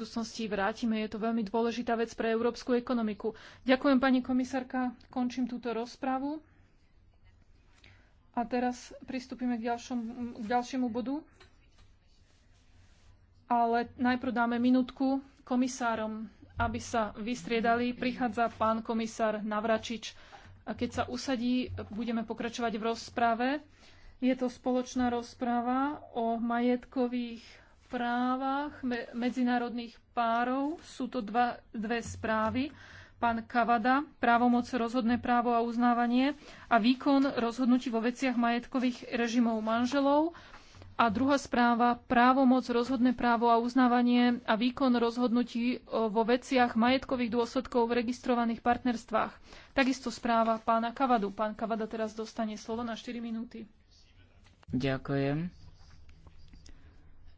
budúcnosti vrátime. Je to veľmi dôležitá vec pre európsku ekonomiku. Ďakujem, pani komisárka. Končím túto rozpravu. A teraz pristúpime k, ďalšom, k ďalšiemu bodu. Ale najprv dáme minútku komisárom, aby sa vystriedali. Prichádza pán komisár Navračič. A keď sa usadí, budeme pokračovať v rozprave. Je to spoločná rozpráva o majetkových správach me medzinárodných párov. Sú to dva, dve správy. Pán Kavada, právomoc, rozhodné právo a uznávanie a výkon rozhodnutí vo veciach majetkových režimov manželov. A druhá správa, právomoc, rozhodné právo a uznávanie a výkon rozhodnutí vo veciach majetkových dôsledkov v registrovaných partnerstvách. Takisto správa pána Kavadu. Pán Kavada teraz dostane slovo na 4 minúty. Ďakujem.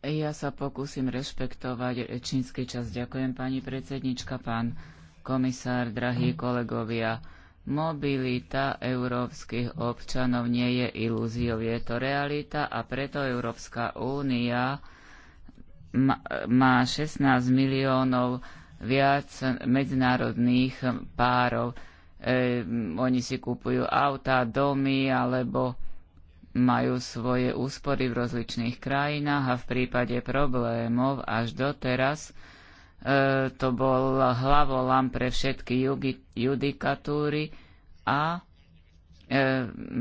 Ja sa pokúsim rešpektovať čínsky čas. Ďakujem pani predsednička, pán komisár, drahí kolegovia. Mobilita európskych občanov nie je ilúziou, je to realita a preto Európska únia má 16 miliónov viac medzinárodných párov. E, oni si kúpujú autá, domy alebo majú svoje úspory v rozličných krajinách a v prípade problémov až doteraz e, to bol hlavolám pre všetky jugi, judikatúry a e,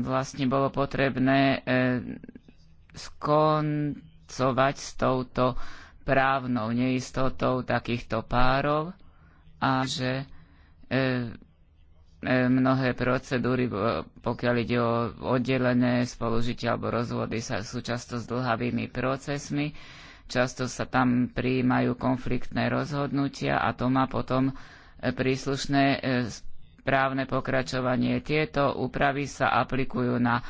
vlastne bolo potrebné e, skoncovať s touto právnou neistotou takýchto párov a že e, E, mnohé procedúry, pokiaľ ide o oddelené spolužitie alebo rozvody, sa, sú často s dlhavými procesmi. Často sa tam prijímajú konfliktné rozhodnutia a to má potom e, príslušné e, právne pokračovanie. Tieto úpravy sa aplikujú na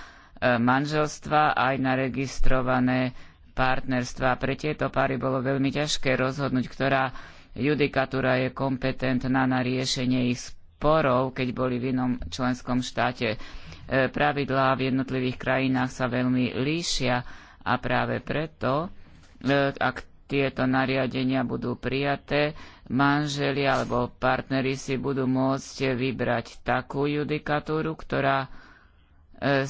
manželstva aj na registrované partnerstva. Pre tieto páry bolo veľmi ťažké rozhodnúť, ktorá judikatúra je kompetentná na riešenie ich spoločnosti sporov, keď boli v inom členskom štáte. E, pravidlá v jednotlivých krajinách sa veľmi líšia a práve preto, e, ak tieto nariadenia budú prijaté, manželi alebo partneri si budú môcť vybrať takú judikatúru, ktorá e,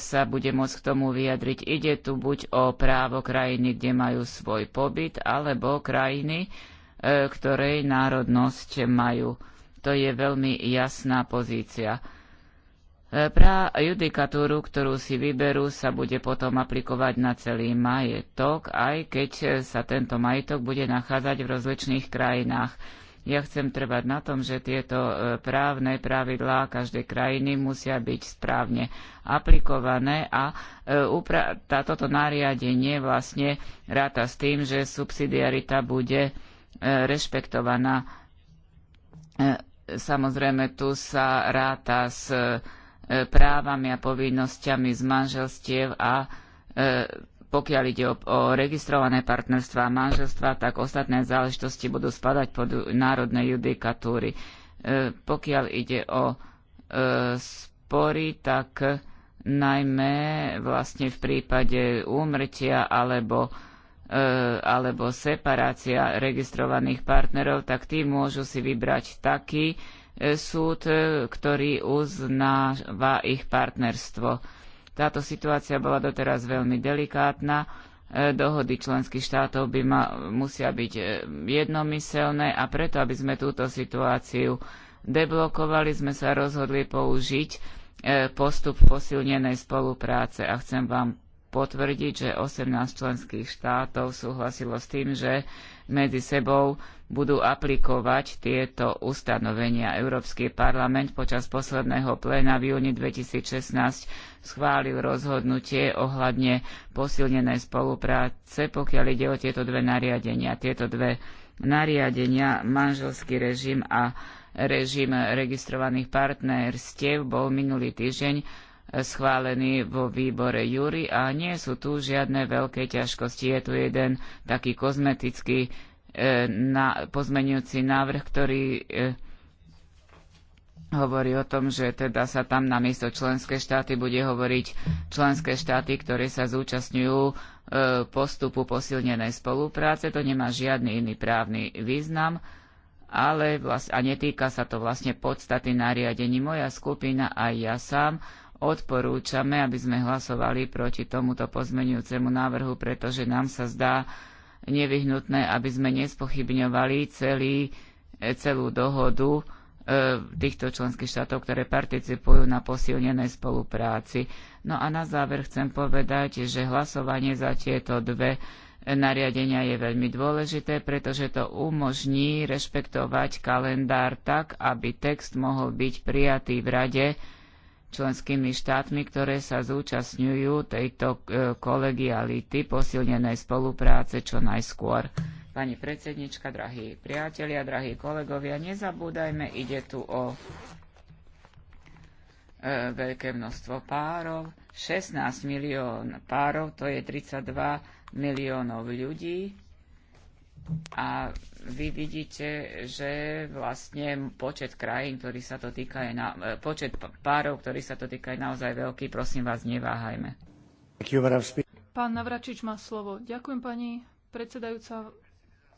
sa bude môcť k tomu vyjadriť. Ide tu buď o právo krajiny, kde majú svoj pobyt, alebo krajiny, ktorej národnosť majú. To je veľmi jasná pozícia. E, pra judikatúru, ktorú si vyberú, sa bude potom aplikovať na celý majetok, aj keď sa tento majetok bude nachádzať v rozličných krajinách. Ja chcem trvať na tom, že tieto e, právne pravidlá každej krajiny musia byť správne aplikované a e, toto nariadenie vlastne ráta s tým, že subsidiarita bude rešpektovaná. Samozrejme, tu sa ráta s e, právami a povinnosťami z manželstiev a e, pokiaľ ide o, o registrované partnerstvá a manželstva, tak ostatné záležitosti budú spadať pod národné judikatúry. E, pokiaľ ide o spory, tak najmä vlastne v prípade úmrtia alebo Eh, alebo separácia registrovaných partnerov, tak tí môžu si vybrať taký eh, súd, eh, ktorý uznáva ich partnerstvo. Táto situácia bola doteraz veľmi delikátna. Dohody členských štátov by ma, musia byť jednomyselné a preto, aby sme túto situáciu deblokovali, sme sa rozhodli použiť postup posilnenej spolupráce. A chcem vám potvrdiť, že 18 členských štátov súhlasilo s tým, že medzi sebou budú aplikovať tieto ustanovenia. Európsky parlament počas posledného pléna v júni 2016 schválil rozhodnutie ohľadne posilnenej spolupráce, pokiaľ ide o tieto dve nariadenia. Tieto dve nariadenia, manželský režim a režim registrovaných partnerstiev bol minulý týždeň schválený vo výbore Júri a nie sú tu žiadne veľké ťažkosti. Je tu jeden taký kozmetický e, na, pozmenujúci návrh, ktorý e, hovorí o tom, že teda sa tam na miesto členské štáty bude hovoriť členské štáty, ktoré sa zúčastňujú e, postupu posilnenej spolupráce. To nemá žiadny iný právny význam, ale vlast- a netýka sa to vlastne podstaty nariadení. Moja skupina aj ja sám odporúčame, aby sme hlasovali proti tomuto pozmenujúcemu návrhu, pretože nám sa zdá nevyhnutné, aby sme nespochybňovali celý, e, celú dohodu e, týchto členských štátov, ktoré participujú na posilnenej spolupráci. No a na záver chcem povedať, že hlasovanie za tieto dve e, nariadenia je veľmi dôležité, pretože to umožní rešpektovať kalendár tak, aby text mohol byť prijatý v Rade členskými štátmi, ktoré sa zúčastňujú tejto e, kolegiality posilnenej spolupráce čo najskôr. Pani predsednička, drahí priatelia, drahí kolegovia, nezabúdajme, ide tu o e, veľké množstvo párov. 16 milión párov, to je 32 miliónov ľudí a vy vidíte, že vlastne počet krajín, ktorý sa to týka, je na, e, počet párov, ktorý sa to týka, je naozaj veľký. Prosím vás, neváhajme. Pán Navračič má slovo. Ďakujem, pani predsedajúca,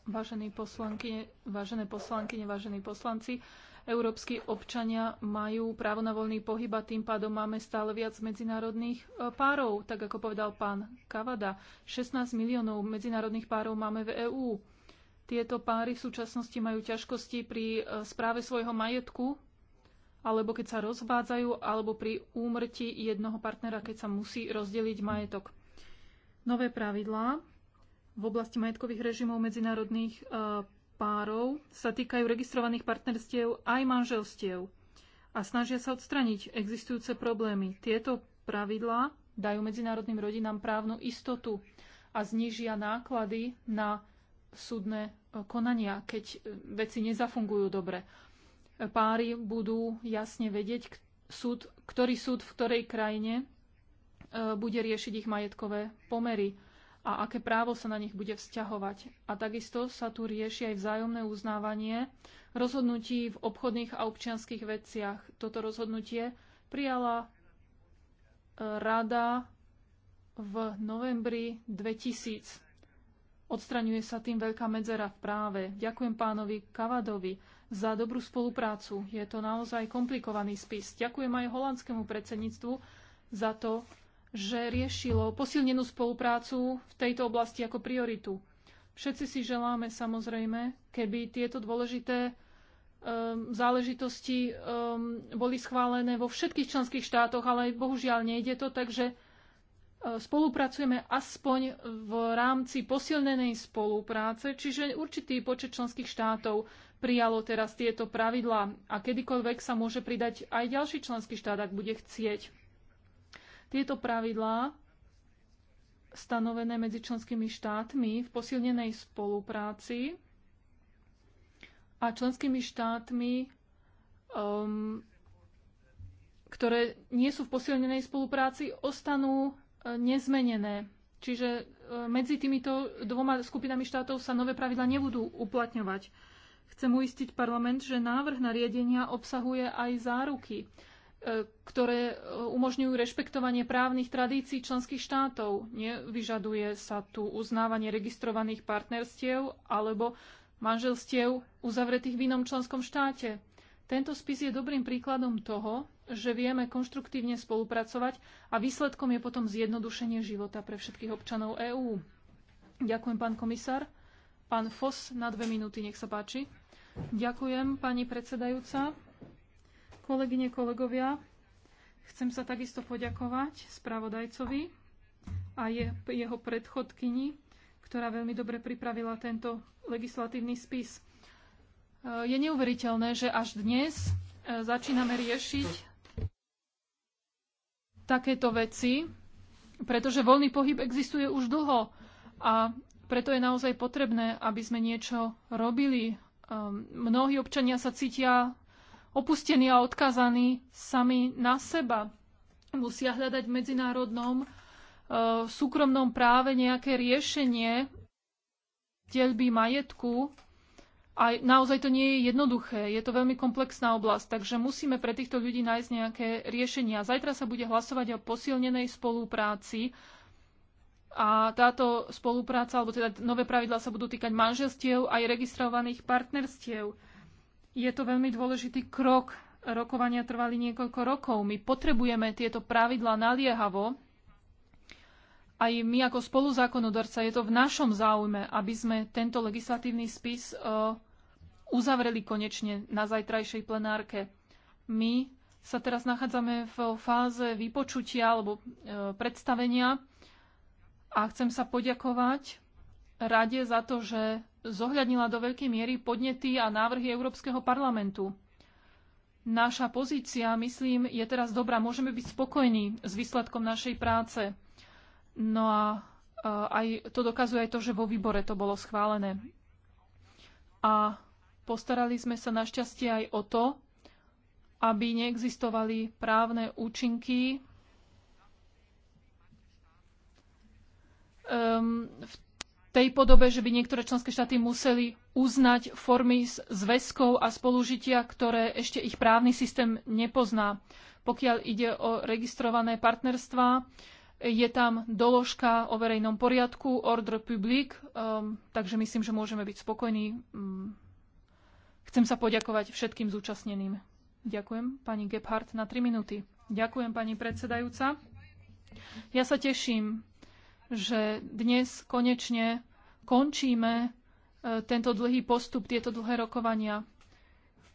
vážení poslanky, vážené poslanky, vážení poslanci. Európsky občania majú právo na voľný pohyb a tým pádom máme stále viac medzinárodných e, párov, tak ako povedal pán Kavada. 16 miliónov medzinárodných párov máme v EÚ. Tieto páry v súčasnosti majú ťažkosti pri e, správe svojho majetku, alebo keď sa rozvádzajú, alebo pri úmrti jednoho partnera, keď sa musí rozdeliť majetok. Nové pravidlá v oblasti majetkových režimov medzinárodných e, párov sa týkajú registrovaných partnerstiev aj manželstiev a snažia sa odstraniť existujúce problémy. Tieto pravidlá dajú medzinárodným rodinám právnu istotu a znížia náklady na súdne e, konania, keď e, veci nezafungujú dobre. E, páry budú jasne vedieť, súd, ktorý súd v ktorej krajine bude riešiť ich majetkové pomery a aké právo sa na nich bude vzťahovať. A takisto sa tu rieši aj vzájomné uznávanie rozhodnutí v obchodných a občianských veciach. Toto rozhodnutie prijala rada v novembri 2000 Odstraňuje sa tým veľká medzera v práve. Ďakujem pánovi Kavadovi za dobrú spoluprácu. Je to naozaj komplikovaný spis. Ďakujem aj holandskému predsedníctvu za to, že riešilo posilnenú spoluprácu v tejto oblasti ako prioritu. Všetci si želáme samozrejme, keby tieto dôležité um, záležitosti um, boli schválené vo všetkých členských štátoch, ale bohužiaľ nejde to, takže E, spolupracujeme aspoň v rámci posilnenej spolupráce, čiže určitý počet členských štátov prijalo teraz tieto pravidlá a kedykoľvek sa môže pridať aj ďalší členský štát, ak bude chcieť. Tieto pravidlá stanovené medzi členskými štátmi v posilnenej spolupráci a členskými štátmi, um, ktoré nie sú v posilnenej spolupráci, ostanú E, nezmenené. Čiže e, medzi týmito dvoma skupinami štátov sa nové pravidla nebudú uplatňovať. Chcem uistiť parlament, že návrh nariadenia obsahuje aj záruky, e, ktoré umožňujú rešpektovanie právnych tradícií členských štátov. Nevyžaduje sa tu uznávanie registrovaných partnerstiev alebo manželstiev uzavretých v inom členskom štáte. Tento spis je dobrým príkladom toho, že vieme konštruktívne spolupracovať a výsledkom je potom zjednodušenie života pre všetkých občanov EÚ. Ďakujem, pán komisár. Pán Fos, na dve minúty, nech sa páči. Ďakujem, pani predsedajúca. Kolegyne, kolegovia, chcem sa takisto poďakovať spravodajcovi a jeho predchodkyni, ktorá veľmi dobre pripravila tento legislatívny spis. Je neuveriteľné, že až dnes e, začíname riešiť takéto veci, pretože voľný pohyb existuje už dlho a preto je naozaj potrebné, aby sme niečo robili. Ehm, mnohí občania sa cítia opustení a odkazaní sami na seba. Musia hľadať v medzinárodnom ehm, súkromnom práve nejaké riešenie deľby majetku a naozaj to nie je jednoduché, je to veľmi komplexná oblasť, takže musíme pre týchto ľudí nájsť nejaké riešenia. Zajtra sa bude hlasovať o posilnenej spolupráci a táto spolupráca, alebo teda nové pravidlá sa budú týkať manželstiev aj registrovaných partnerstiev. Je to veľmi dôležitý krok. Rokovania trvali niekoľko rokov. My potrebujeme tieto pravidlá naliehavo. Aj my ako spoluzákonodarca je to v našom záujme, aby sme tento legislatívny spis uh, uzavreli konečne na zajtrajšej plenárke. My sa teraz nachádzame v fáze vypočutia alebo e, predstavenia a chcem sa poďakovať Rade za to, že zohľadnila do veľkej miery podnety a návrhy Európskeho parlamentu. Naša pozícia, myslím, je teraz dobrá. Môžeme byť spokojní s výsledkom našej práce. No a e, aj to dokazuje aj to, že vo výbore to bolo schválené. A Postarali sme sa našťastie aj o to, aby neexistovali právne účinky um, v tej podobe, že by niektoré členské štáty museli uznať formy zväzkov a spolužitia, ktoré ešte ich právny systém nepozná. Pokiaľ ide o registrované partnerstvá, je tam doložka o verejnom poriadku, ordre public, um, takže myslím, že môžeme byť spokojní um, Chcem sa poďakovať všetkým zúčastneným. Ďakujem pani Gebhardt na 3 minúty. Ďakujem pani predsedajúca. Ja sa teším, že dnes konečne končíme e, tento dlhý postup, tieto dlhé rokovania.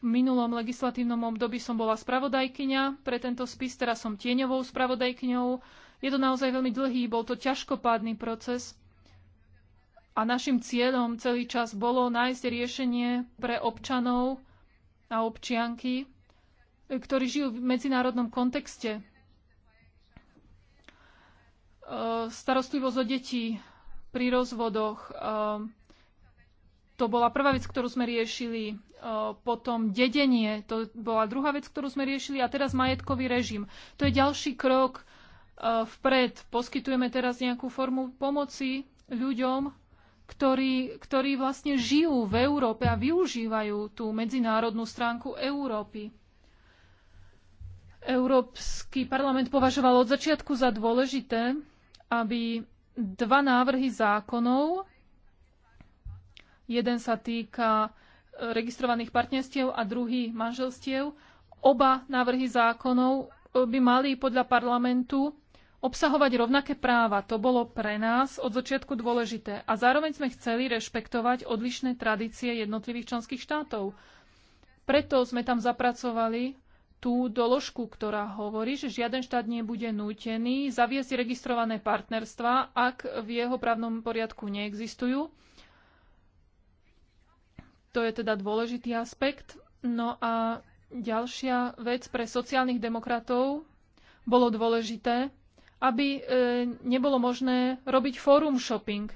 V minulom legislatívnom období som bola spravodajkyňa pre tento spis, teraz som tieňovou spravodajkyňou. Je to naozaj veľmi dlhý, bol to ťažkopádny proces a našim cieľom celý čas bolo nájsť riešenie pre občanov a občianky, ktorí žijú v medzinárodnom kontexte. E, starostlivosť o detí pri rozvodoch, e, to bola prvá vec, ktorú sme riešili. E, potom dedenie, to bola druhá vec, ktorú sme riešili. A teraz majetkový režim. To je ďalší krok vpred. Poskytujeme teraz nejakú formu pomoci ľuďom, ktorí, ktorí vlastne žijú v Európe a využívajú tú medzinárodnú stránku Európy. Európsky parlament považoval od začiatku za dôležité, aby dva návrhy zákonov, jeden sa týka e, registrovaných partnerstiev a druhý manželstiev, oba návrhy zákonov e, by mali podľa parlamentu obsahovať rovnaké práva. To bolo pre nás od začiatku dôležité. A zároveň sme chceli rešpektovať odlišné tradície jednotlivých členských štátov. Preto sme tam zapracovali tú doložku, ktorá hovorí, že žiaden štát nebude nútený zaviesť registrované partnerstva, ak v jeho právnom poriadku neexistujú. To je teda dôležitý aspekt. No a ďalšia vec pre sociálnych demokratov bolo dôležité, aby e, nebolo možné robiť fórum shopping.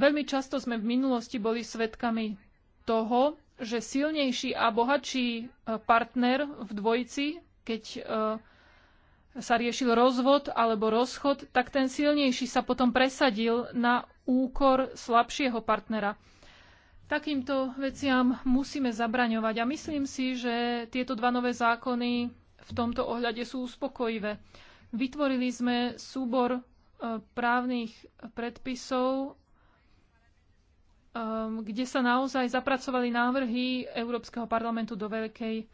Veľmi často sme v minulosti boli svedkami toho, že silnejší a bohatší e, partner v dvojici, keď e, sa riešil rozvod alebo rozchod, tak ten silnejší sa potom presadil na úkor slabšieho partnera. Takýmto veciam musíme zabraňovať a myslím si, že tieto dva nové zákony v tomto ohľade sú uspokojivé. Vytvorili sme súbor e, právnych predpisov, e, kde sa naozaj zapracovali návrhy Európskeho parlamentu do veľkej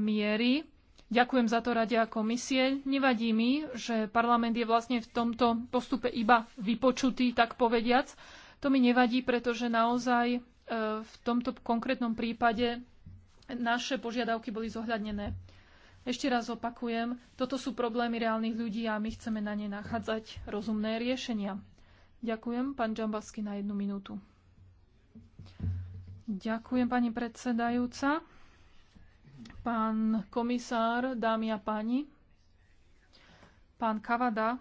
miery. Ďakujem za to Rade a komisie. Nevadí mi, že parlament je vlastne v tomto postupe iba vypočutý, tak povediac. To mi nevadí, pretože naozaj e, v tomto konkrétnom prípade naše požiadavky boli zohľadnené. Ešte raz opakujem, toto sú problémy reálnych ľudí a my chceme na ne nachádzať rozumné riešenia. Ďakujem, pán Džambalsky, na jednu minútu. Ďakujem, pani predsedajúca. Pán komisár, dámy a páni, pán Kavada,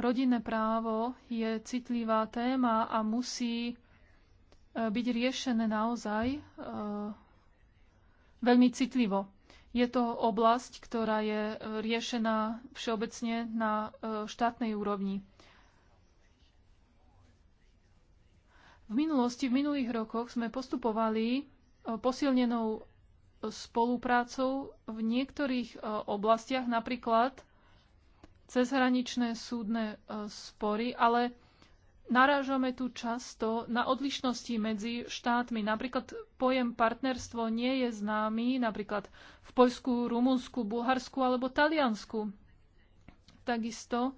rodinné právo je citlivá téma a musí e, byť riešené naozaj e, veľmi citlivo. Je to oblasť, ktorá je e, riešená všeobecne na e, štátnej úrovni. V minulosti, v minulých rokoch sme postupovali e, posilnenou spoluprácou v niektorých oblastiach, napríklad cezhraničné súdne spory, ale Narážame tu často na odlišnosti medzi štátmi. Napríklad pojem partnerstvo nie je známy napríklad v Poľsku, Rumunsku, Bulharsku alebo Taliansku. Takisto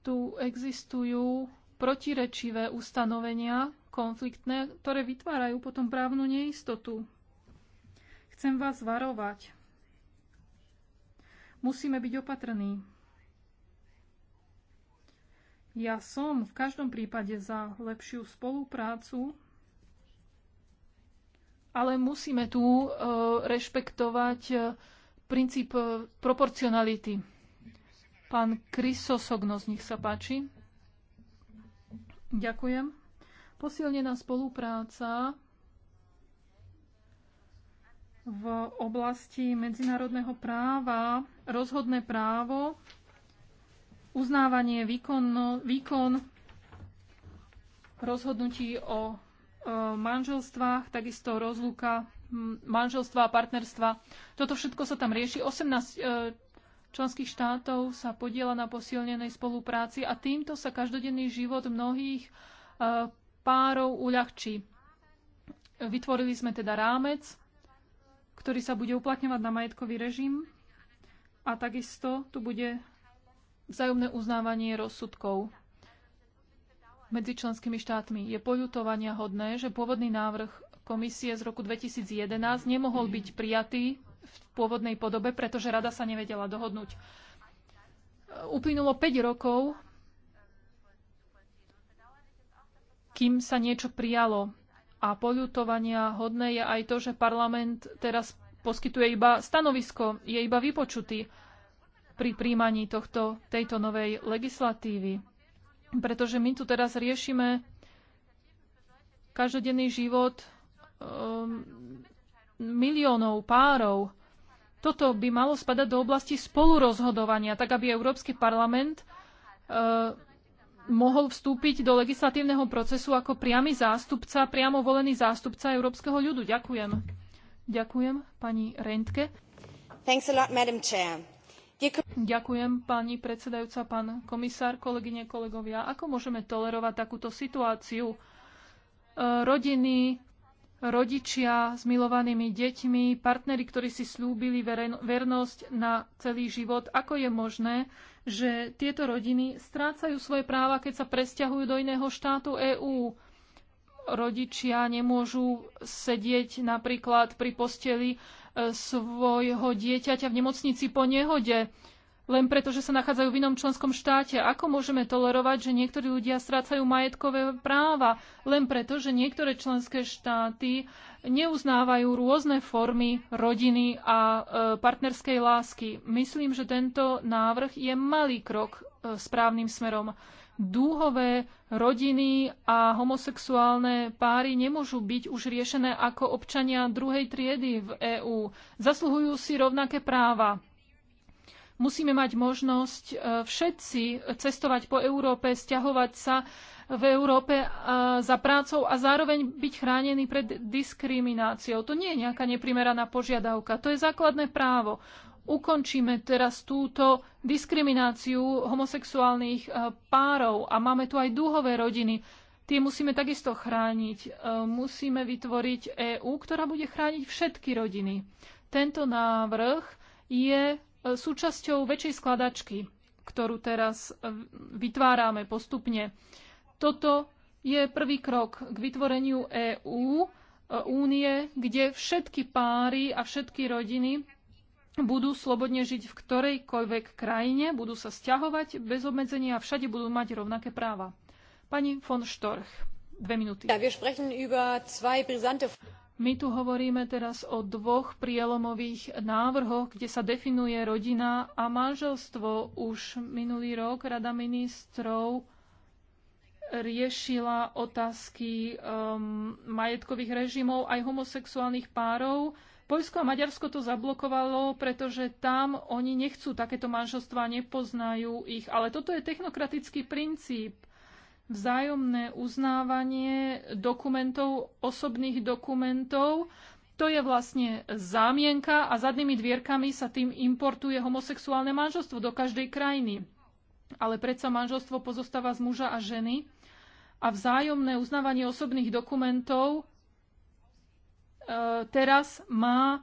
tu existujú protirečivé ustanovenia konfliktné, ktoré vytvárajú potom právnu neistotu. Chcem vás varovať. Musíme byť opatrní. Ja som v každom prípade za lepšiu spoluprácu, ale musíme tu e, rešpektovať e, princíp e, proporcionality. Pán Krysosognos, nech sa páči. Ďakujem. Posilnená spolupráca v oblasti medzinárodného práva, rozhodné právo uznávanie, výkonno, výkon rozhodnutí o e, manželstvách, takisto rozluka manželstva a partnerstva. Toto všetko sa tam rieši. 18 e, členských štátov sa podiela na posilnenej spolupráci a týmto sa každodenný život mnohých e, párov uľahčí. Vytvorili sme teda rámec, ktorý sa bude uplatňovať na majetkový režim a takisto tu bude vzájomné uznávanie rozsudkov medzi členskými štátmi. Je poľutovania hodné, že pôvodný návrh komisie z roku 2011 nemohol byť prijatý v pôvodnej podobe, pretože rada sa nevedela dohodnúť. Uplynulo 5 rokov, kým sa niečo prijalo. A poľutovania hodné je aj to, že parlament teraz poskytuje iba stanovisko, je iba vypočutý pri príjmaní tohto, tejto novej legislatívy. Pretože my tu teraz riešime každodenný život um, miliónov párov. Toto by malo spadať do oblasti spolurozhodovania, tak aby Európsky parlament uh, mohol vstúpiť do legislatívneho procesu ako priamy zástupca, priamo volený zástupca európskeho ľudu. Ďakujem. Ďakujem, pani Rentke. Thanks a lot, Madam Chair. Ďakujem, pani predsedajúca, pán komisár, kolegyne, kolegovia. Ako môžeme tolerovať takúto situáciu? E, rodiny, rodičia s milovanými deťmi, partnery, ktorí si slúbili vernosť na celý život. Ako je možné, že tieto rodiny strácajú svoje práva, keď sa presťahujú do iného štátu EÚ? Rodičia nemôžu sedieť napríklad pri posteli svojho dieťaťa v nemocnici po nehode, len preto, že sa nachádzajú v inom členskom štáte. Ako môžeme tolerovať, že niektorí ľudia strácajú majetkové práva, len preto, že niektoré členské štáty neuznávajú rôzne formy rodiny a e, partnerskej lásky. Myslím, že tento návrh je malý krok e, správnym smerom dúhové rodiny a homosexuálne páry nemôžu byť už riešené ako občania druhej triedy v EÚ. Zasluhujú si rovnaké práva. Musíme mať možnosť e, všetci cestovať po Európe, sťahovať sa v Európe e, za prácou a zároveň byť chránený pred diskrimináciou. To nie je nejaká neprimeraná požiadavka, to je základné právo ukončíme teraz túto diskrimináciu homosexuálnych e, párov a máme tu aj dúhové rodiny. Tie musíme takisto chrániť. E, musíme vytvoriť EÚ, ktorá bude chrániť všetky rodiny. Tento návrh je e, súčasťou väčšej skladačky, ktorú teraz vytvárame postupne. Toto je prvý krok k vytvoreniu EÚ, únie, kde všetky páry a všetky rodiny budú slobodne žiť v ktorejkoľvek krajine, budú sa stiahovať bez obmedzenia a všade budú mať rovnaké práva. Pani von Storch, dve minúty. My tu hovoríme teraz o dvoch prielomových návrhoch, kde sa definuje rodina a manželstvo. Už minulý rok Rada ministrov riešila otázky um, majetkových režimov aj homosexuálnych párov Poľsko a Maďarsko to zablokovalo, pretože tam oni nechcú takéto manželstva, nepoznajú ich. Ale toto je technokratický princíp. Vzájomné uznávanie dokumentov, osobných dokumentov, to je vlastne zámienka a zadnými dvierkami sa tým importuje homosexuálne manželstvo do každej krajiny. Ale predsa manželstvo pozostáva z muža a ženy a vzájomné uznávanie osobných dokumentov E, teraz má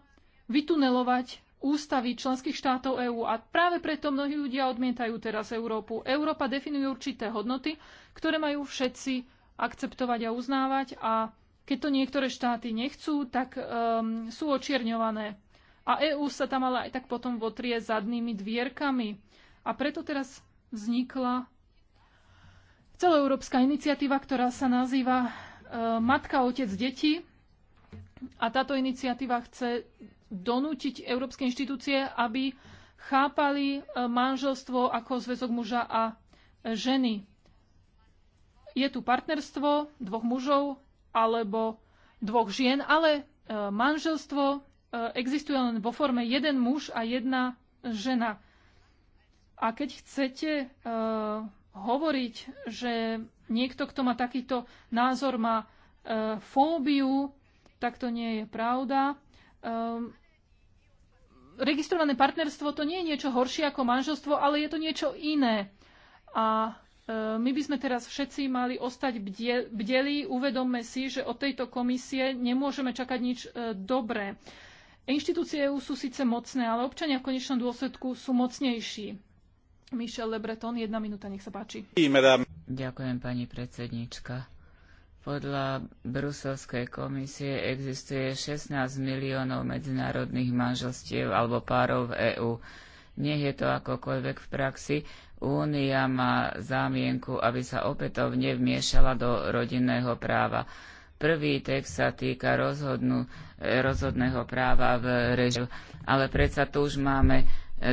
vytunelovať ústavy členských štátov EÚ. A práve preto mnohí ľudia odmietajú teraz Európu. Európa definuje určité hodnoty, ktoré majú všetci akceptovať a uznávať a keď to niektoré štáty nechcú, tak um, sú očierňované. A EÚ sa tam ale aj tak potom votrie zadnými dvierkami. A preto teraz vznikla celoeurópska iniciatíva, ktorá sa nazýva uh, Matka, Otec, Deti a táto iniciatíva chce donútiť európske inštitúcie, aby chápali e, manželstvo ako zväzok muža a ženy. Je tu partnerstvo dvoch mužov alebo dvoch žien, ale e, manželstvo e, existuje len vo forme jeden muž a jedna žena. A keď chcete uh, hovoriť, že niekto, kto má takýto názor, má uh, fóbiu tak to nie je pravda. Um, registrované partnerstvo to nie je niečo horšie ako manželstvo, ale je to niečo iné. A ehm, my by sme teraz všetci mali ostať bdelí, uvedomme si, že od tejto komisie nemôžeme čakať nič e, dobré. Inštitúcie EU sú síce mocné, ale občania v konečnom dôsledku sú mocnejší. Michel Lebreton, jedna minúta, nech sa páči. Ďakujem, pani predsednička. Podľa Bruselskej komisie existuje 16 miliónov medzinárodných manželstiev alebo párov v EÚ. Nech je to akokoľvek v praxi, Únia má zámienku, aby sa opätovne vmiešala do rodinného práva. Prvý text sa týka rozhodnú, rozhodného práva v režiu, ale predsa tu už máme e,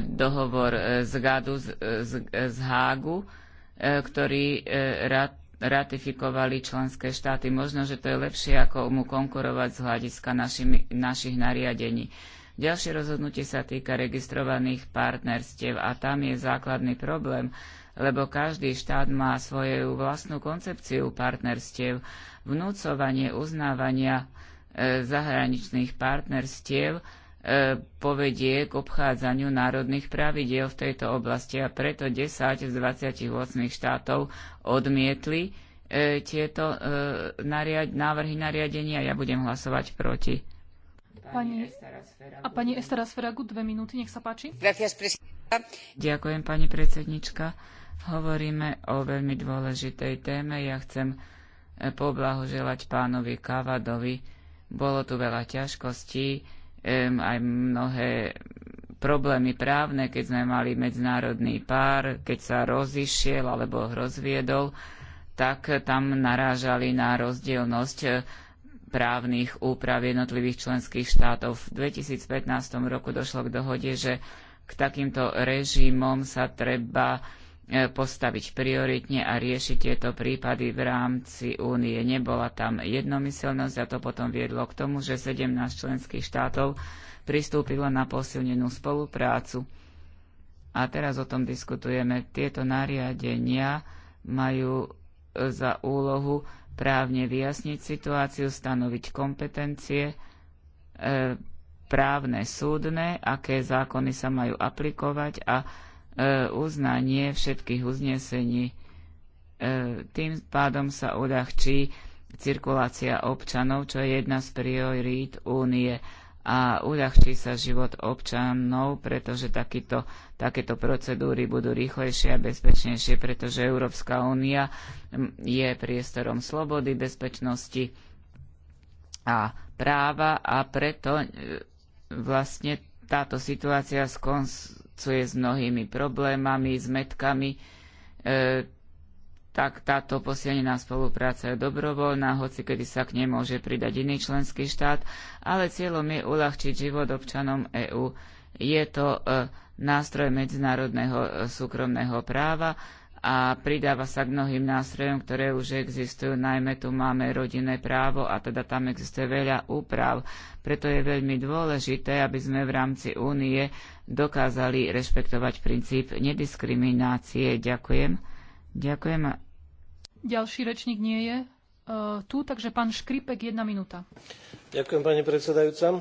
dohovor z, Gadu, z, z, z Hágu, e, ktorý e, rad ratifikovali členské štáty. Možno, že to je lepšie, ako mu konkurovať z hľadiska našimi, našich nariadení. Ďalšie rozhodnutie sa týka registrovaných partnerstiev a tam je základný problém, lebo každý štát má svoju vlastnú koncepciu partnerstiev. Vnúcovanie uznávania e, zahraničných partnerstiev E, povedie k obchádzaniu národných pravidiel v tejto oblasti a preto 10 z 28 štátov odmietli e, tieto e, nariad, návrhy nariadenia a ja budem hlasovať proti. Pani, a pani Estera Sferagu, dve minúty, nech sa páči. Ďakujem, pani predsednička. Hovoríme o veľmi dôležitej téme. Ja chcem e, poblahoželať pánovi Kavadovi. Bolo tu veľa ťažkostí aj mnohé problémy právne, keď sme mali medzinárodný pár, keď sa rozišiel alebo rozviedol, tak tam narážali na rozdielnosť právnych úprav jednotlivých členských štátov. V 2015 roku došlo k dohode, že k takýmto režimom sa treba E, postaviť prioritne a riešiť tieto prípady v rámci únie. Nebola tam jednomyselnosť a to potom viedlo k tomu, že 17 členských štátov pristúpilo na posilnenú spoluprácu. A teraz o tom diskutujeme. Tieto nariadenia majú za úlohu právne vyjasniť situáciu, stanoviť kompetencie, e, právne súdne, aké zákony sa majú aplikovať a E, uznanie všetkých uznesení. E, tým pádom sa uľahčí cirkulácia občanov, čo je jedna z priorít únie a uľahčí sa život občanov, pretože takýto, takéto procedúry budú rýchlejšie a bezpečnejšie, pretože Európska únia je priestorom slobody, bezpečnosti a práva a preto e, vlastne táto situácia skoncuje s mnohými problémami, zmetkami. E, tak táto posilnená spolupráca je dobrovoľná, hoci kedy sa k nej môže pridať iný členský štát, ale cieľom je uľahčiť život občanom EÚ. Je to e, nástroj medzinárodného e, súkromného práva, a pridáva sa k mnohým nástrojom, ktoré už existujú. Najmä tu máme rodinné právo a teda tam existuje veľa úprav. Preto je veľmi dôležité, aby sme v rámci únie dokázali rešpektovať princíp nediskriminácie. Ďakujem. Ďakujem. Ďalší rečník nie je uh, tu, takže pán Škripek, jedna minúta. Ďakujem, pani predsedajúca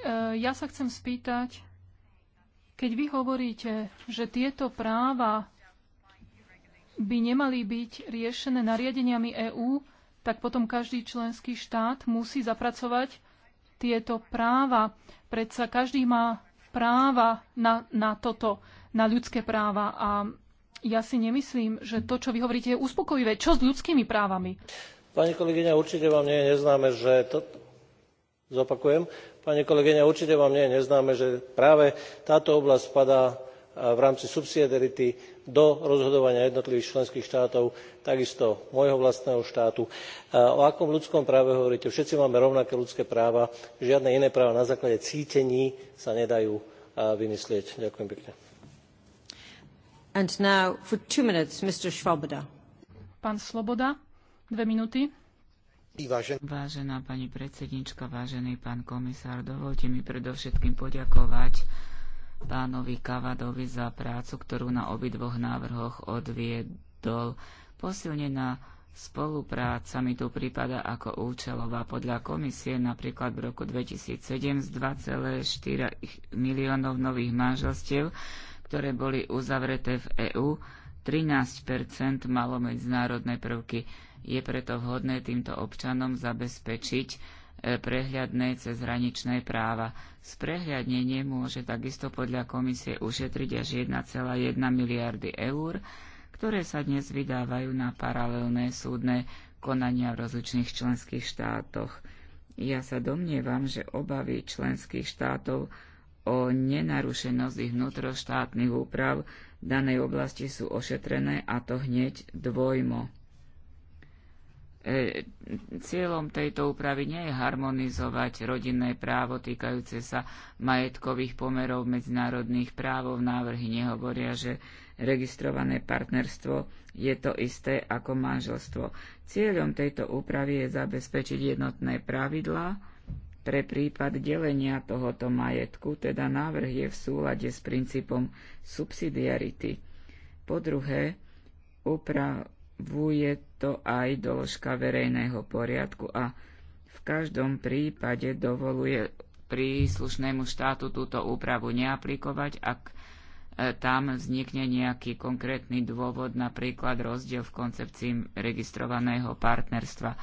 Eh, ja sa chcem spýtať, keď vy hovoríte, že tieto práva by nemali byť riešené nariadeniami EÚ, tak potom každý členský štát musí zapracovať tieto práva. Predsa každý má práva na, na toto, na ľudské práva. A ja si nemyslím, že to, čo vy hovoríte, je uspokojivé. Čo s ľudskými právami? Pani kolegyňa, určite vám nie je neznáme, že to, zopakujem, pani kolegyňa určite vám nie je neznáme že práve táto oblasť spadá e, v rámci subsidiarity do rozhodovania jednotlivých členských štátov takisto môjho vlastného štátu. E, o akom ľudskom práve hovoríte? všetci máme rovnaké ľudské práva žiadne iné práva na základe cítení sa nedajú e, vymyslieť. ďakujem pekne. Pán Sloboda, dve minúty. Vážená pani predsednička, vážený pán komisár, dovolte mi predovšetkým poďakovať pánovi Kavadovi za prácu, ktorú na obidvoch návrhoch odviedol. Posilnená spolupráca mi tu prípada ako účelová. Podľa komisie napríklad v roku 2007 z 2,4 miliónov nových manželstiev, ktoré boli uzavreté v EÚ, 13 malo medzinárodné prvky. Je preto vhodné týmto občanom zabezpečiť e, prehľadné cezhraničné práva. Sprehľadnenie môže takisto podľa komisie ušetriť až 1,1 miliardy eur, ktoré sa dnes vydávajú na paralelné súdne konania v rozličných členských štátoch. Ja sa domnievam, že obavy členských štátov o nenarušenosť ich vnútroštátnych úprav v danej oblasti sú ošetrené a to hneď dvojmo. E, cieľom tejto úpravy nie je harmonizovať rodinné právo týkajúce sa majetkových pomerov medzinárodných právov. Návrhy nehovoria, že registrované partnerstvo je to isté ako manželstvo. Cieľom tejto úpravy je zabezpečiť jednotné pravidlá pre prípad delenia tohoto majetku, teda návrh je v súlade s princípom subsidiarity. Po druhé, je to aj doložka verejného poriadku a v každom prípade dovoluje príslušnému štátu túto úpravu neaplikovať, ak e, tam vznikne nejaký konkrétny dôvod, napríklad rozdiel v koncepcii registrovaného partnerstva.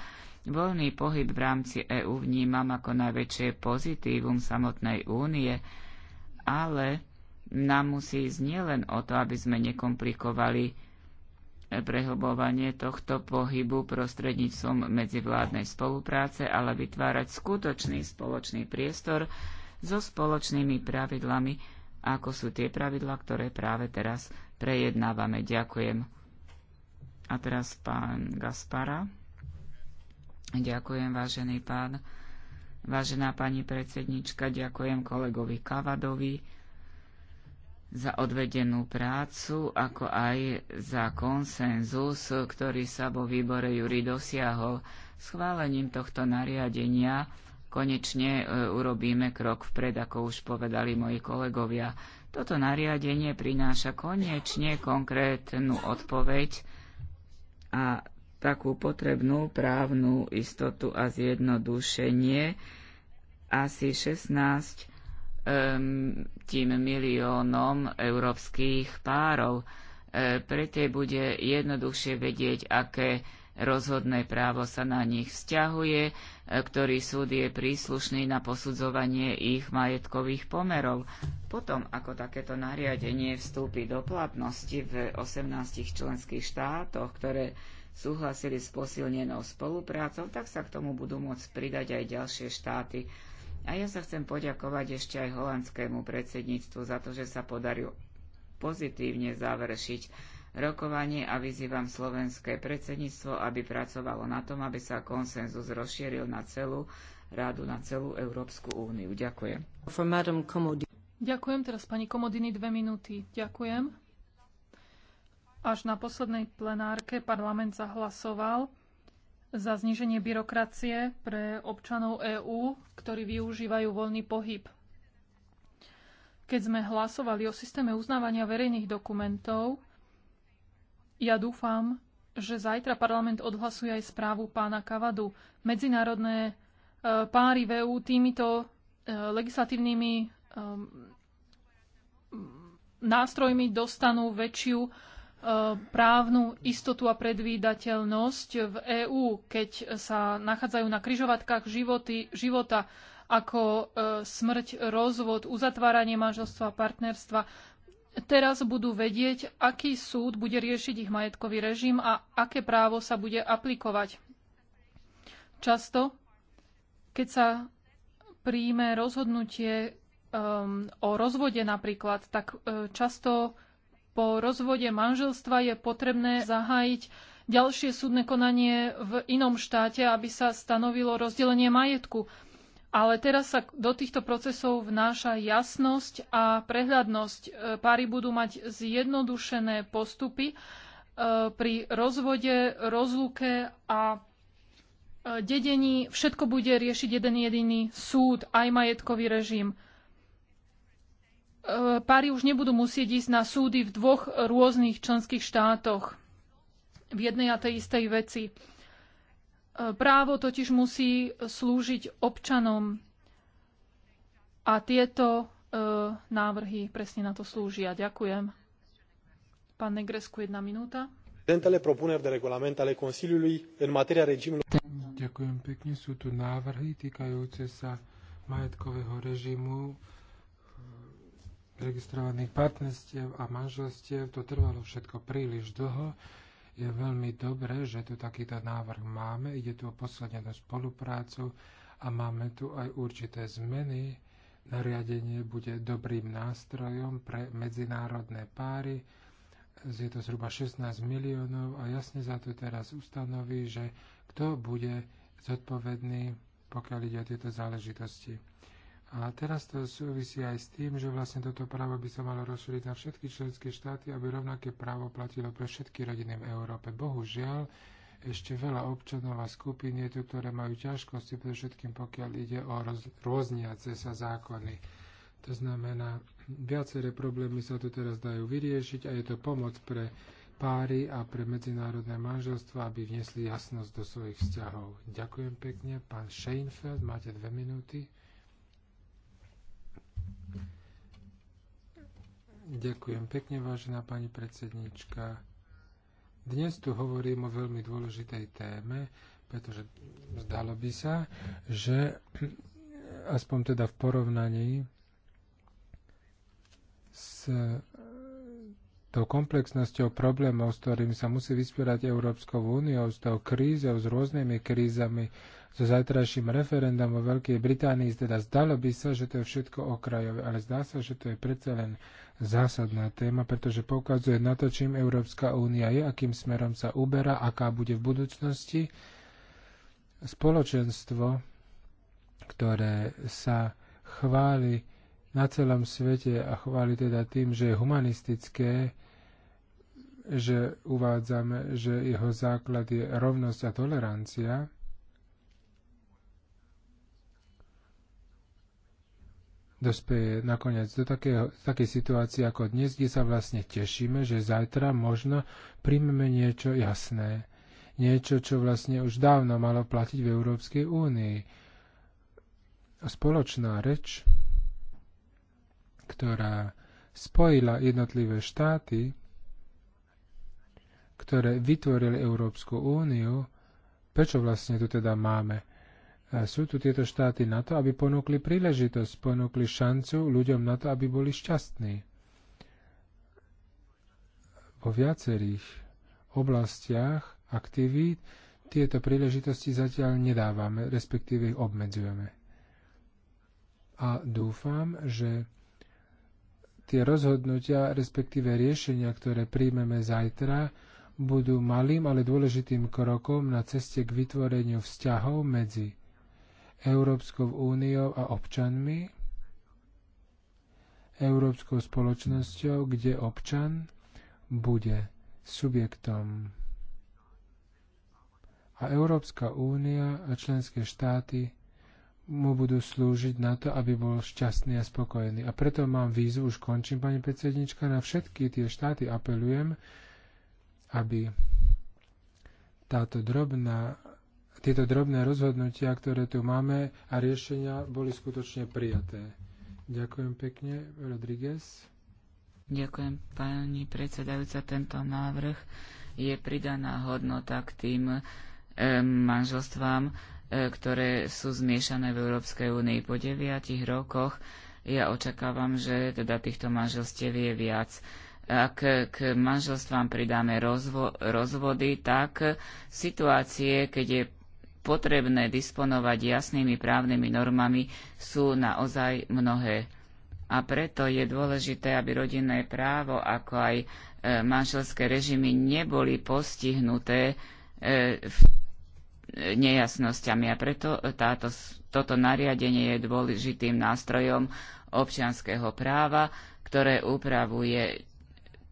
Voľný pohyb v rámci EÚ vnímam ako najväčšie pozitívum samotnej únie, ale nám musí ísť nielen o to, aby sme nekomplikovali prehlbovanie tohto pohybu prostredníctvom medzivládnej spolupráce, ale vytvárať skutočný spoločný priestor so spoločnými pravidlami, ako sú tie pravidla, ktoré práve teraz prejednávame. Ďakujem. A teraz pán Gaspara. Ďakujem, vážený pán. Vážená pani predsednička, ďakujem kolegovi Kavadovi za odvedenú prácu, ako aj za konsenzus, ktorý sa vo výbore Júri dosiahol. Schválením tohto nariadenia konečne e, urobíme krok vpred, ako už povedali moji kolegovia. Toto nariadenie prináša konečne konkrétnu odpoveď a takú potrebnú právnu istotu a zjednodušenie asi 16 tým miliónom európskych párov. E, Prete bude jednoduchšie vedieť, aké rozhodné právo sa na nich vzťahuje, e, ktorý súd je príslušný na posudzovanie ich majetkových pomerov. Potom, ako takéto nariadenie vstúpi do platnosti v 18 členských štátoch, ktoré súhlasili s posilnenou spoluprácou, tak sa k tomu budú môcť pridať aj ďalšie štáty. A ja sa chcem poďakovať ešte aj holandskému predsedníctvu za to, že sa podaril pozitívne završiť rokovanie a vyzývam slovenské predsedníctvo, aby pracovalo na tom, aby sa konsenzus rozšíril na celú rádu, na celú Európsku úniu. Ďakujem. Ďakujem. Teraz pani Komodiny dve minúty. Ďakujem. Až na poslednej plenárke parlament zahlasoval za zníženie byrokracie pre občanov EÚ, ktorí využívajú voľný pohyb. Keď sme hlasovali o systéme uznávania verejných dokumentov, ja dúfam, že zajtra parlament odhlasuje aj správu pána Kavadu. Medzinárodné e, páry v EÚ týmito e, legislatívnymi e, nástrojmi dostanú väčšiu E, právnu istotu a predvídateľnosť v EÚ, keď sa nachádzajú na kryžovatkách životy, života ako e, smrť, rozvod, uzatváranie manželstva a partnerstva. Teraz budú vedieť, aký súd bude riešiť ich majetkový režim a aké právo sa bude aplikovať. Často, keď sa príjme rozhodnutie um, o rozvode napríklad, tak často po rozvode manželstva je potrebné zahájiť ďalšie súdne konanie v inom štáte, aby sa stanovilo rozdelenie majetku. Ale teraz sa do týchto procesov vnáša jasnosť a prehľadnosť. E, páry budú mať zjednodušené postupy e, pri rozvode, rozluke a e, dedení. Všetko bude riešiť jeden jediný súd, aj majetkový režim. E, páry už nebudú musieť ísť na súdy v dvoch rôznych členských štátoch v jednej a tej istej veci. E, právo totiž musí slúžiť občanom a tieto e, návrhy presne na to slúžia. Ďakujem. Pán Negresku, jedna minúta. Ďakujem pekne. Sú tu návrhy týkajúce sa majetkového režimu registrovaných partnerstiev a manželstiev. To trvalo všetko príliš dlho. Je veľmi dobré, že tu takýto návrh máme. Ide tu o poslednenú spoluprácu a máme tu aj určité zmeny. Nariadenie bude dobrým nástrojom pre medzinárodné páry. Je to zhruba 16 miliónov a jasne za to teraz ustanoví, že kto bude zodpovedný, pokiaľ ide o tieto záležitosti. A teraz to súvisí aj s tým, že vlastne toto právo by sa malo rozšíriť na všetky členské štáty, aby rovnaké právo platilo pre všetky rodiny v Európe. Bohužiaľ, ešte veľa občanov a skupín je tu, ktoré majú ťažkosti, všetkým pokiaľ ide o roz, rôzniace sa zákony. To znamená, viaceré problémy sa tu teraz dajú vyriešiť a je to pomoc pre páry a pre medzinárodné manželstvo, aby vnesli jasnosť do svojich vzťahov. Ďakujem pekne. Pán Scheinfeld, máte dve minúty. Ďakujem pekne, vážená pani predsedníčka. Dnes tu hovorím o veľmi dôležitej téme, pretože zdalo by sa, že aspoň teda v porovnaní s tou komplexnosťou problémov, s ktorými sa musí vysporiadať Európskou úniou, s tou krízou, s rôznymi krízami, so zajtrajším referendom vo Veľkej Británii, teda zdalo by sa, že to je všetko okrajové, ale zdá sa, že to je predsa len zásadná téma, pretože poukazuje na to, čím Európska únia je, akým smerom sa uberá, aká bude v budúcnosti. Spoločenstvo, ktoré sa chváli na celom svete a chváli teda tým, že je humanistické, že uvádzame, že jeho základ je rovnosť a tolerancia, dospeje nakoniec do takého, takej situácie ako dnes, kde sa vlastne tešíme, že zajtra možno príjmeme niečo jasné. Niečo, čo vlastne už dávno malo platiť v Európskej únii. Spoločná reč, ktorá spojila jednotlivé štáty, ktoré vytvorili Európsku úniu, prečo vlastne tu teda máme sú tu tieto štáty na to, aby ponúkli príležitosť, ponúkli šancu ľuďom na to, aby boli šťastní. Vo viacerých oblastiach aktivít tieto príležitosti zatiaľ nedávame, respektíve ich obmedzujeme. A dúfam, že tie rozhodnutia, respektíve riešenia, ktoré príjmeme zajtra, budú malým, ale dôležitým krokom na ceste k vytvoreniu vzťahov medzi Európskou úniou a občanmi, Európskou spoločnosťou, kde občan bude subjektom. A Európska únia a členské štáty mu budú slúžiť na to, aby bol šťastný a spokojný. A preto mám výzvu, už končím, pani predsednička, na všetky tie štáty apelujem, aby táto drobná tieto drobné rozhodnutia, ktoré tu máme a riešenia boli skutočne prijaté. Ďakujem pekne, Rodriguez. Ďakujem, pani predsedajúca. Tento návrh je pridaná hodnota k tým e, manželstvám, e, ktoré sú zmiešané v Európskej únii. Po deviatich rokoch ja očakávam, že teda týchto manželstiev je viac ak k manželstvám pridáme rozvo- rozvody, tak situácie, keď je potrebné disponovať jasnými právnymi normami sú naozaj mnohé. A preto je dôležité, aby rodinné právo, ako aj e, manželské režimy neboli postihnuté e, v nejasnosťami. A preto táto, toto nariadenie je dôležitým nástrojom občianského práva, ktoré upravuje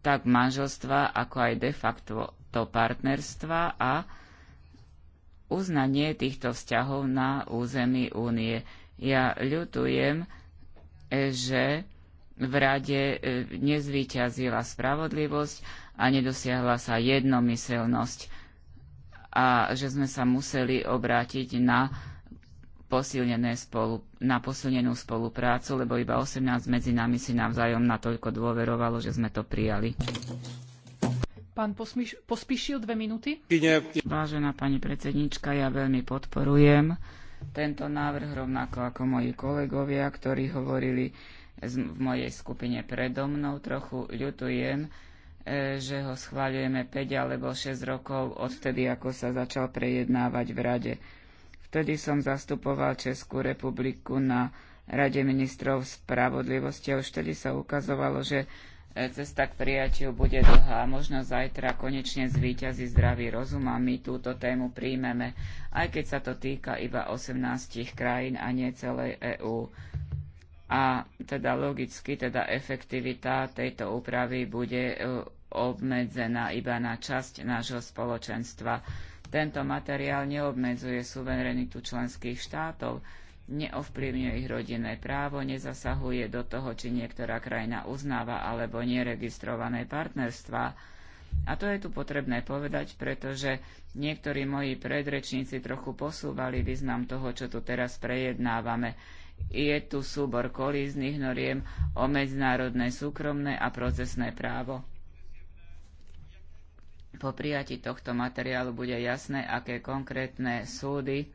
tak manželstva, ako aj de facto partnerstva a uznanie týchto vzťahov na území únie. Ja ľutujem, e, že v rade e, nezvýťazila spravodlivosť a nedosiahla sa jednomyselnosť a že sme sa museli obrátiť na, spolu, na posilnenú spoluprácu, lebo iba 18 medzi nami si navzájom natoľko dôverovalo, že sme to prijali. Pán Posmiš, Pospíšil, dve minúty. Vážená pani predsednička, ja veľmi podporujem tento návrh, rovnako ako moji kolegovia, ktorí hovorili v mojej skupine predo mnou. Trochu ľutujem, e, že ho schváľujeme 5 alebo 6 rokov odtedy, ako sa začal prejednávať v Rade. Vtedy som zastupoval Českú republiku na Rade ministrov spravodlivosti a už vtedy sa ukazovalo, že cesta k prijatiu bude dlhá. Možno zajtra konečne zvíťazí zdravý rozum a my túto tému príjmeme, aj keď sa to týka iba 18 krajín a nie celej EÚ. A teda logicky, teda efektivita tejto úpravy bude e, obmedzená iba na časť nášho spoločenstva. Tento materiál neobmedzuje suverenitu členských štátov, neovplyvňuje ich rodinné právo, nezasahuje do toho, či niektorá krajina uznáva alebo neregistrované partnerstva. A to je tu potrebné povedať, pretože niektorí moji predrečníci trochu posúvali význam toho, čo tu teraz prejednávame. Je tu súbor kolíznych noriem o medzinárodné súkromné a procesné právo. Po prijati tohto materiálu bude jasné, aké konkrétne súdy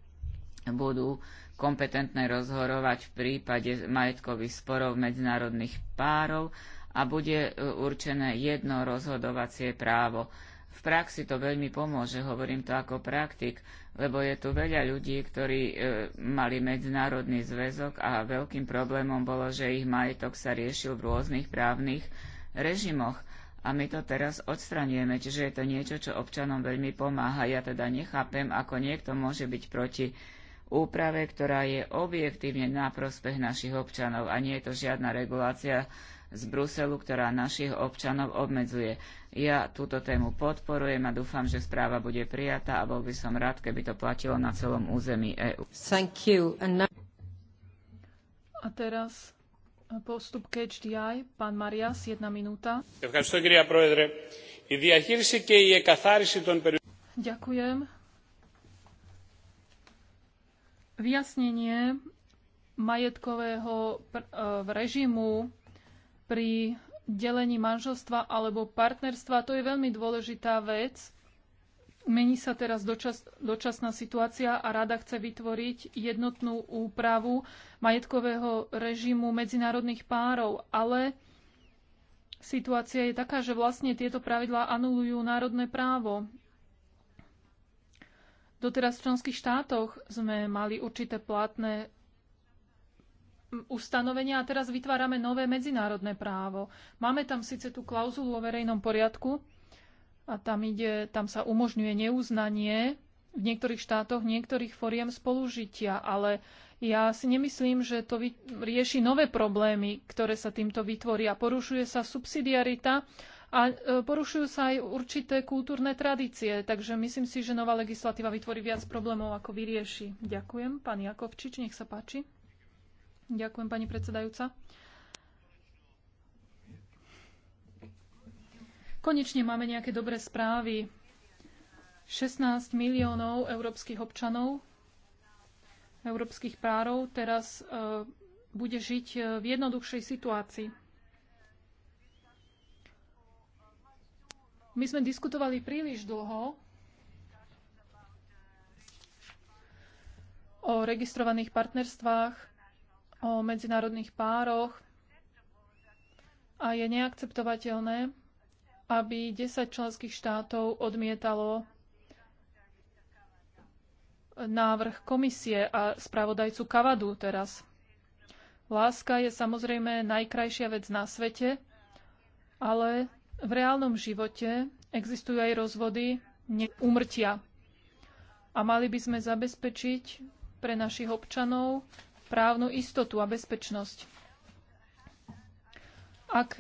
budú kompetentné rozhorovať v prípade majetkových sporov medzinárodných párov a bude e, určené jedno rozhodovacie právo. V praxi to veľmi pomôže, hovorím to ako praktik, lebo je tu veľa ľudí, ktorí e, mali medzinárodný zväzok a veľkým problémom bolo, že ich majetok sa riešil v rôznych právnych režimoch. A my to teraz odstraňujeme, čiže je to niečo, čo občanom veľmi pomáha. Ja teda nechápem, ako niekto môže byť proti úprave, ktorá je objektívne na prospech našich občanov a nie je to žiadna regulácia z Bruselu, ktorá našich občanov obmedzuje. Ja túto tému podporujem a dúfam, že správa bude prijatá a bol by som rád, keby to platilo na celom území EÚ. A teraz Postup HDI. pán Marias, jedna minúta. Ďakujem vyjasnenie majetkového e, režimu pri delení manželstva alebo partnerstva. To je veľmi dôležitá vec. Mení sa teraz dočas, dočasná situácia a rada chce vytvoriť jednotnú úpravu majetkového režimu medzinárodných párov, ale situácia je taká, že vlastne tieto pravidlá anulujú národné právo. Doteraz v členských štátoch sme mali určité platné ustanovenia a teraz vytvárame nové medzinárodné právo. Máme tam síce tú klauzulu o verejnom poriadku a tam, ide, tam sa umožňuje neuznanie v niektorých štátoch niektorých foriem spolužitia, ale ja si nemyslím, že to rieši nové problémy, ktoré sa týmto vytvoria. Porušuje sa subsidiarita a e, porušujú sa aj určité kultúrne tradície, takže myslím si, že nová legislatíva vytvorí viac problémov, ako vyrieši. Ďakujem. Pán Jakovčič, nech sa páči. Ďakujem, pani predsedajúca. Konečne máme nejaké dobré správy. 16 miliónov európskych občanov, európskych párov teraz e, bude žiť e, v jednoduchšej situácii. My sme diskutovali príliš dlho o registrovaných partnerstvách, o medzinárodných pároch a je neakceptovateľné, aby 10 členských štátov odmietalo návrh komisie a spravodajcu Kavadu teraz. Láska je samozrejme najkrajšia vec na svete, ale v reálnom živote existujú aj rozvody, úmrtia. A mali by sme zabezpečiť pre našich občanov právnu istotu a bezpečnosť. Ak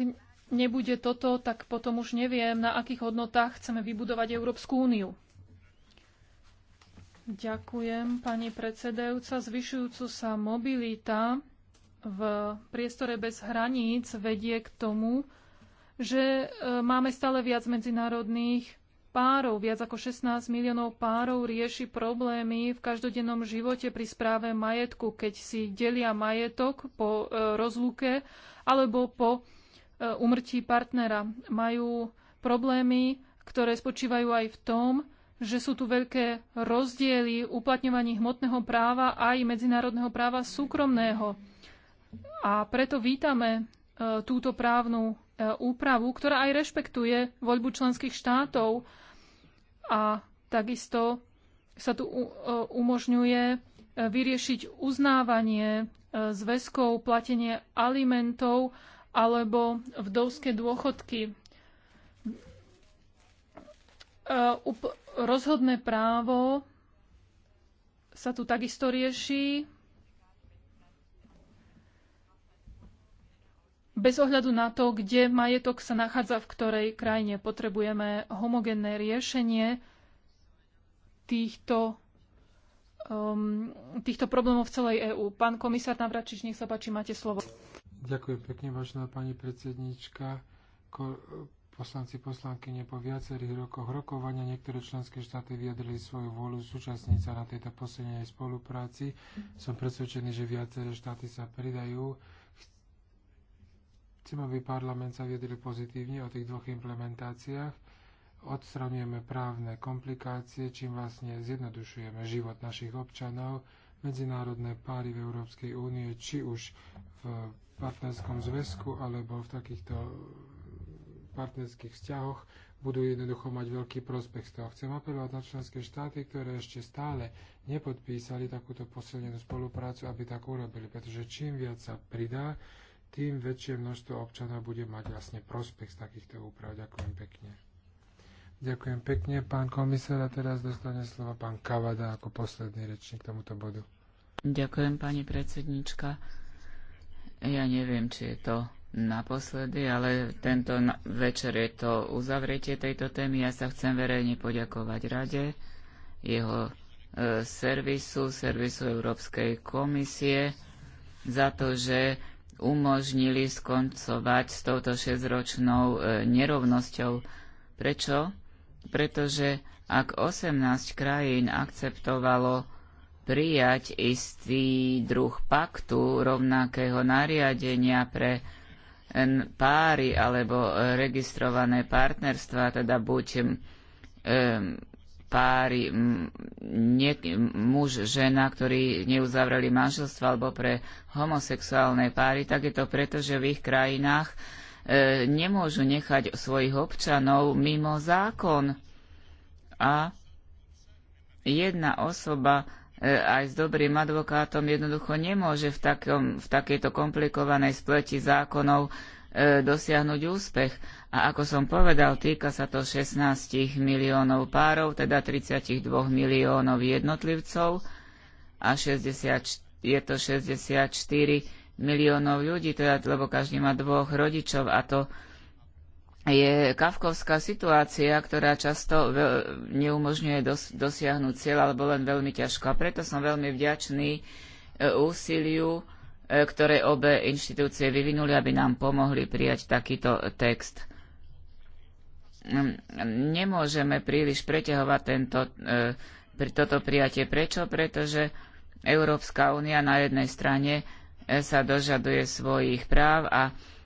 nebude toto, tak potom už neviem, na akých hodnotách chceme vybudovať Európsku úniu. Ďakujem, pani predsedajúca. Zvyšujúca sa mobilita v priestore bez hraníc vedie k tomu, že e, máme stále viac medzinárodných párov. Viac ako 16 miliónov párov rieši problémy v každodennom živote pri správe majetku, keď si delia majetok po e, rozluke alebo po e, umrtí partnera. Majú problémy, ktoré spočívajú aj v tom, že sú tu veľké rozdiely uplatňovaní hmotného práva aj medzinárodného práva súkromného. A preto vítame túto právnu E, úpravu, ktorá aj rešpektuje voľbu členských štátov a takisto sa tu e, umožňuje e, vyriešiť uznávanie zväzkov, platenie alimentov alebo vdovské dôchodky. Rozhodné právo sa tu takisto rieši Bez ohľadu na to, kde majetok sa nachádza v ktorej krajine, potrebujeme homogenné riešenie týchto, um, týchto problémov v celej EÚ. Pán komisár Navračič, nech sa páči, máte slovo. Ďakujem pekne, vážená pani predsednička. Ko- poslanci poslankyne po viacerých rokoch rokovania niektoré členské štáty vyjadrili svoju vôľu súčasniť sa na tejto poslednej spolupráci. Som presvedčený, že viaceré štáty sa pridajú Cimový parlament sa viedli pozitívne o tých dvoch implementáciách. Odstraňujeme právne komplikácie, čím vlastne zjednodušujeme život našich občanov, medzinárodné páry v Európskej únie, či už v partnerskom zväzku alebo v takýchto partnerských vzťahoch budú jednoducho mať veľký prospech z toho. Chcem apelovať na členské štáty, ktoré ešte stále nepodpísali takúto posilnenú spoluprácu, aby tak urobili, pretože čím viac sa pridá, tým väčšie množstvo občanov bude mať vlastne prospech z takýchto úprav. Ďakujem pekne. Ďakujem pekne, pán komisár. A teraz dostane slovo pán Kavada ako posledný rečník k tomuto bodu. Ďakujem, pani predsednička. Ja neviem, či je to naposledy, ale tento no- večer je to uzavretie tejto témy. Ja sa chcem verejne poďakovať Rade, jeho e, servisu, servisu Európskej komisie za to, že umožnili skoncovať s touto šesťročnou e, nerovnosťou. Prečo? Pretože ak 18 krajín akceptovalo prijať istý druh paktu rovnakého nariadenia pre páry alebo registrované partnerstva, teda buď páry, nie, muž, žena, ktorí neuzavreli manželstvo alebo pre homosexuálne páry, tak je to preto, že v ich krajinách e, nemôžu nechať svojich občanov mimo zákon. A jedna osoba e, aj s dobrým advokátom jednoducho nemôže v, takom, v takejto komplikovanej spleti zákonov e, dosiahnuť úspech. A ako som povedal, týka sa to 16 miliónov párov, teda 32 miliónov jednotlivcov a 60, je to 64 miliónov ľudí, teda, lebo každý má dvoch rodičov a to je kavkovská situácia, ktorá často neumožňuje dos- dosiahnuť cieľ alebo len veľmi ťažko. A preto som veľmi vďačný e, úsiliu, e, ktoré obe inštitúcie vyvinuli, aby nám pomohli prijať takýto text nemôžeme príliš preťahovať tento, e, toto prijatie. Prečo? Pretože Európska únia na jednej strane e, sa dožaduje svojich práv a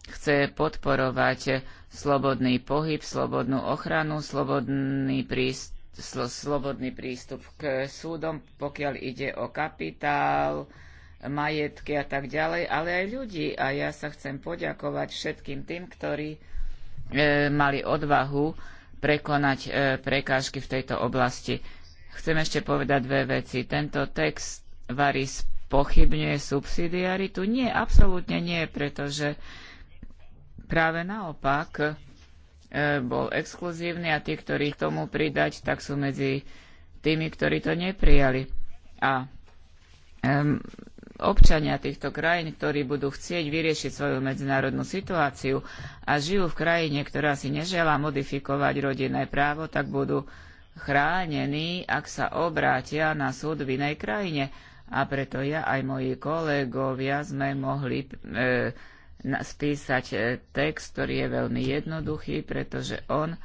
chce podporovať slobodný pohyb, slobodnú ochranu, slobodný prístup slobodný prístup k súdom, pokiaľ ide o kapitál, majetky a tak ďalej, ale aj ľudí. A ja sa chcem poďakovať všetkým tým, ktorí E, mali odvahu prekonať e, prekážky v tejto oblasti. Chcem ešte povedať dve veci. Tento text Varis pochybňuje subsidiaritu? Nie, absolútne nie, pretože práve naopak e, bol exkluzívny a tí, ktorí k tomu pridať, tak sú medzi tými, ktorí to neprijali. A um, občania týchto krajín, ktorí budú chcieť vyriešiť svoju medzinárodnú situáciu a žijú v krajine, ktorá si neželá modifikovať rodinné právo, tak budú chránení, ak sa obrátia na súd v inej krajine. A preto ja aj moji kolegovia sme mohli e, spísať e, text, ktorý je veľmi jednoduchý, pretože on e,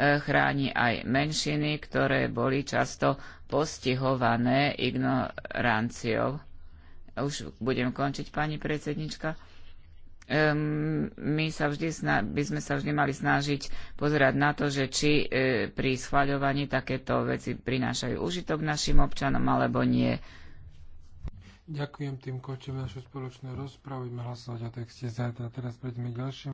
chráni aj menšiny, ktoré boli často postihované ignoranciou. Už budem končiť, pani predsednička. Um, my sa vždy by sme sa vždy mali snažiť pozerať na to, že či e, pri schváľovaní takéto veci prinášajú užitok našim občanom alebo nie. Ďakujem, tým končím našu spoločnú rozpravu. Budeme hlasovať o texte zajtra. Teraz prejdeme k ďalšiemu.